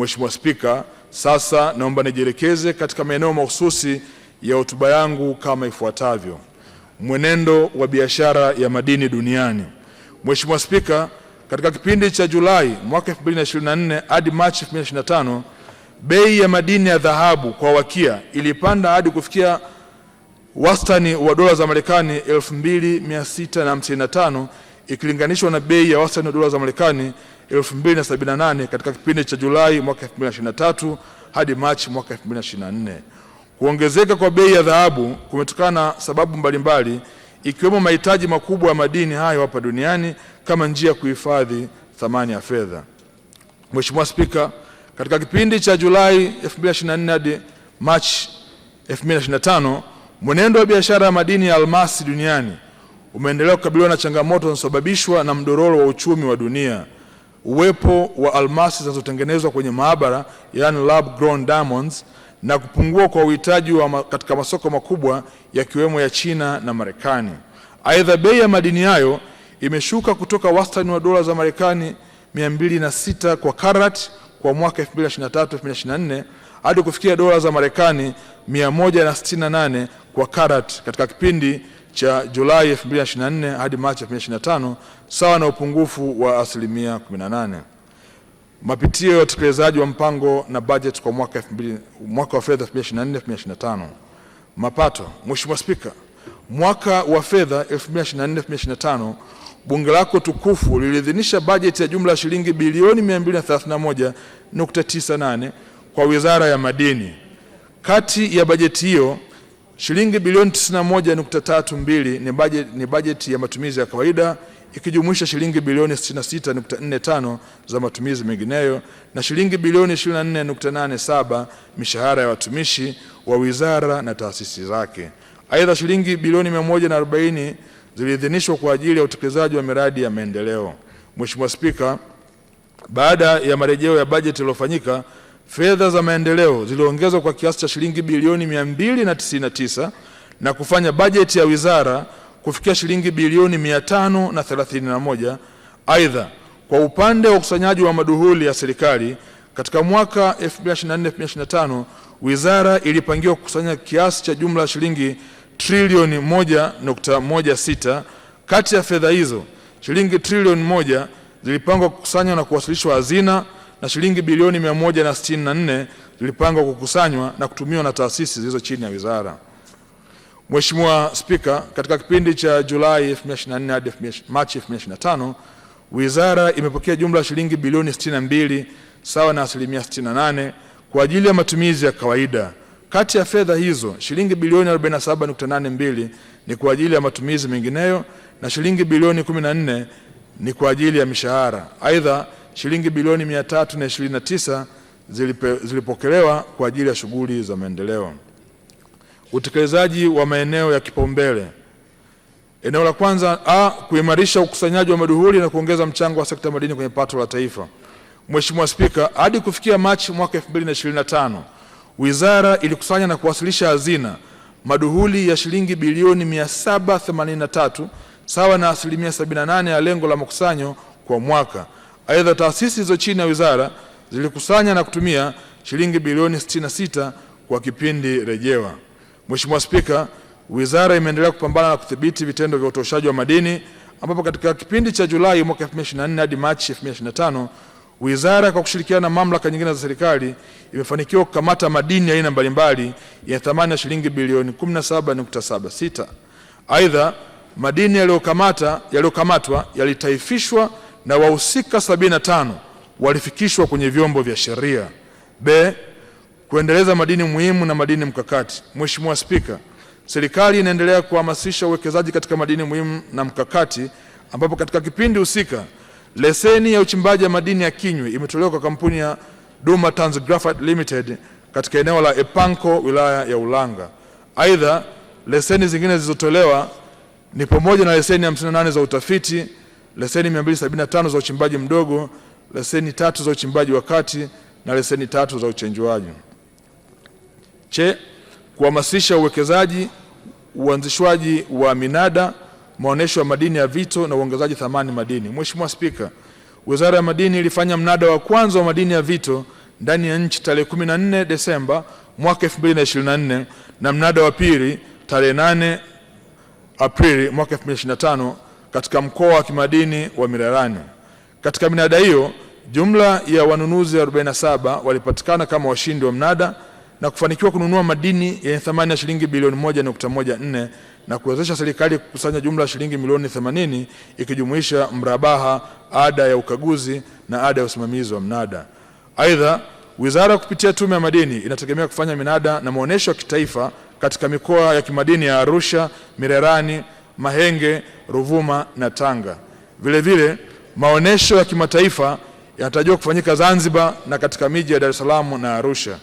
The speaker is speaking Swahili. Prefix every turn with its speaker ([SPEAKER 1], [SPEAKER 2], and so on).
[SPEAKER 1] Mheshimiwa Spika, sasa naomba nijielekeze katika maeneo mahususi ya hotuba yangu kama ifuatavyo. Mwenendo wa biashara ya madini duniani. Mheshimiwa Spika, katika kipindi cha Julai mwaka 2024 hadi Machi 2025, bei ya madini ya dhahabu kwa wakia ilipanda hadi kufikia wastani wa dola za Marekani 2655 ikilinganishwa na bei ya wastani wa dola za Marekani 2078 katika kipindi cha Julai mwaka 2023 hadi Machi mwaka 2024. Kuongezeka kwa bei ya dhahabu kumetokana na sababu mbalimbali ikiwemo mahitaji makubwa ya madini hayo hapa duniani kama njia ya kuhifadhi thamani ya fedha. Mheshimiwa Spika, katika kipindi cha Julai 2024 hadi Machi 2025, mwenendo wa biashara ya madini ya almasi duniani umeendelea kukabiliwa na changamoto zinazosababishwa na mdororo wa uchumi wa dunia uwepo wa almasi zinazotengenezwa kwenye maabara yani lab grown diamonds na kupungua kwa uhitaji wa katika masoko makubwa yakiwemo ya China na Marekani. Aidha, bei ya madini hayo imeshuka kutoka wastani wa dola za Marekani 206 kwa karat kwa mwaka 2023-2024 hadi kufikia dola za Marekani 168 kwa karat katika kipindi cha Julai 2024 hadi Machi 2025 sawa na upungufu wa asilimia 18. Mapitio ya utekelezaji wa mpango na bajeti kwa mwaka, mwaka wa fedha 2024/2025. Mapato. Mheshimiwa Spika, mwaka wa fedha 2024/2025 bunge lako tukufu liliidhinisha bajeti ya jumla ya shilingi bilioni 231.98 kwa Wizara ya Madini. Kati ya bajeti hiyo Shilingi bilioni 91.32 ni bajeti ni bajeti ya matumizi ya kawaida ikijumuisha shilingi bilioni 66.45 za matumizi mengineyo na shilingi bilioni 24.87 mishahara ya watumishi wa wizara na taasisi zake. Aidha, shilingi bilioni 140 ziliidhinishwa kwa ajili ya utekelezaji wa miradi ya maendeleo. Mheshimiwa Spika, baada ya marejeo ya bajeti iliyofanyika fedha za maendeleo ziliongezwa kwa kiasi cha shilingi bilioni 299 na, na kufanya bajeti ya wizara kufikia shilingi bilioni 531. Aidha, kwa upande wa ukusanyaji wa maduhuli ya serikali katika mwaka 2024 2025 wizara ilipangiwa kukusanya kiasi cha jumla shilingi trilioni 1.16. Kati ya fedha hizo shilingi trilioni 1 zilipangwa kukusanywa na kuwasilishwa hazina na shilingi bilioni 164 zilipangwa kukusanywa na kutumiwa na taasisi zilizo chini ya wizara. Mheshimiwa Spika, katika kipindi cha Julai 2024 hadi Machi 2025 wizara imepokea jumla ya shilingi bilioni 62 sawa na asilimia 68 kwa ajili ya matumizi ya kawaida. Kati ya fedha hizo shilingi bilioni 47.82 ni kwa ajili ya matumizi mengineyo na shilingi bilioni 14 ni kwa ajili ya mishahara. Aidha, shilingi bilioni 329 zilipokelewa kwa ajili ya shughuli za maendeleo. Utekelezaji wa maeneo ya kipaumbele. Eneo la kwanza a, kuimarisha ukusanyaji wa maduhuli na kuongeza mchango wa sekta madini kwenye pato la taifa. Mheshimiwa Spika, hadi kufikia Machi mwaka 2025 wizara ilikusanya na kuwasilisha hazina maduhuli ya shilingi bilioni 783 sawa na asilimia 78 ya lengo la makusanyo kwa mwaka. Aidha, taasisi hizo chini ya wizara zilikusanya na kutumia shilingi bilioni 66 kwa kipindi rejewa. Mheshimiwa Spika, wizara imeendelea kupambana na kudhibiti vitendo vya utoshaji wa madini ambapo katika kipindi cha Julai mwaka 2024 hadi Machi 2025 wizara kwa kushirikiana na mamlaka nyingine za serikali imefanikiwa kukamata madini aina mbalimbali ya thamani ya shilingi bilioni 17.76. Aidha, madini yaliyokamatwa yalitaifishwa na wahusika 75 walifikishwa kwenye vyombo vya sheria. B. Kuendeleza madini muhimu na madini mkakati. Mheshimiwa Spika, serikali inaendelea kuhamasisha uwekezaji katika madini muhimu na mkakati, ambapo katika kipindi husika leseni ya uchimbaji wa madini ya Kinywi imetolewa kwa kampuni ya Duma Tanz Graphite Limited katika eneo la Epanko wilaya ya Ulanga. Aidha, leseni zingine zilizotolewa ni pamoja na leseni 58 za utafiti leseni 275 za uchimbaji mdogo, leseni tatu za uchimbaji wa kati na leseni tatu za uchenjuaji. Che, kuhamasisha uwekezaji, uanzishwaji wa minada, maonesho ya madini ya vito na uongezaji thamani madini. Mheshimiwa Spika, Wizara ya Madini ilifanya mnada wa kwanza wa madini ya vito ndani ya nchi tarehe 14 Desemba mwaka 2024 na mnada wa pili tarehe 8 Aprili mwaka 2025 katika mkoa wa kimadini wa Mirerani. Katika minada hiyo jumla ya wanunuzi 47 walipatikana kama washindi wa mnada na kufanikiwa kununua madini yenye thamani ya shilingi bilioni 1.14 na kuwezesha serikali kukusanya jumla ya shilingi milioni 80 ikijumuisha mrabaha, ada ya ukaguzi na ada ya usimamizi wa mnada. Aidha, wizara kupitia Tume ya Madini inategemea kufanya minada na maonyesho ya kitaifa katika mikoa ya kimadini ya Arusha, Mirerani Mahenge, Ruvuma na Tanga. Vilevile, maonesho ya kimataifa yanatarajiwa kufanyika Zanzibar na katika miji ya Dar es Salaam na Arusha.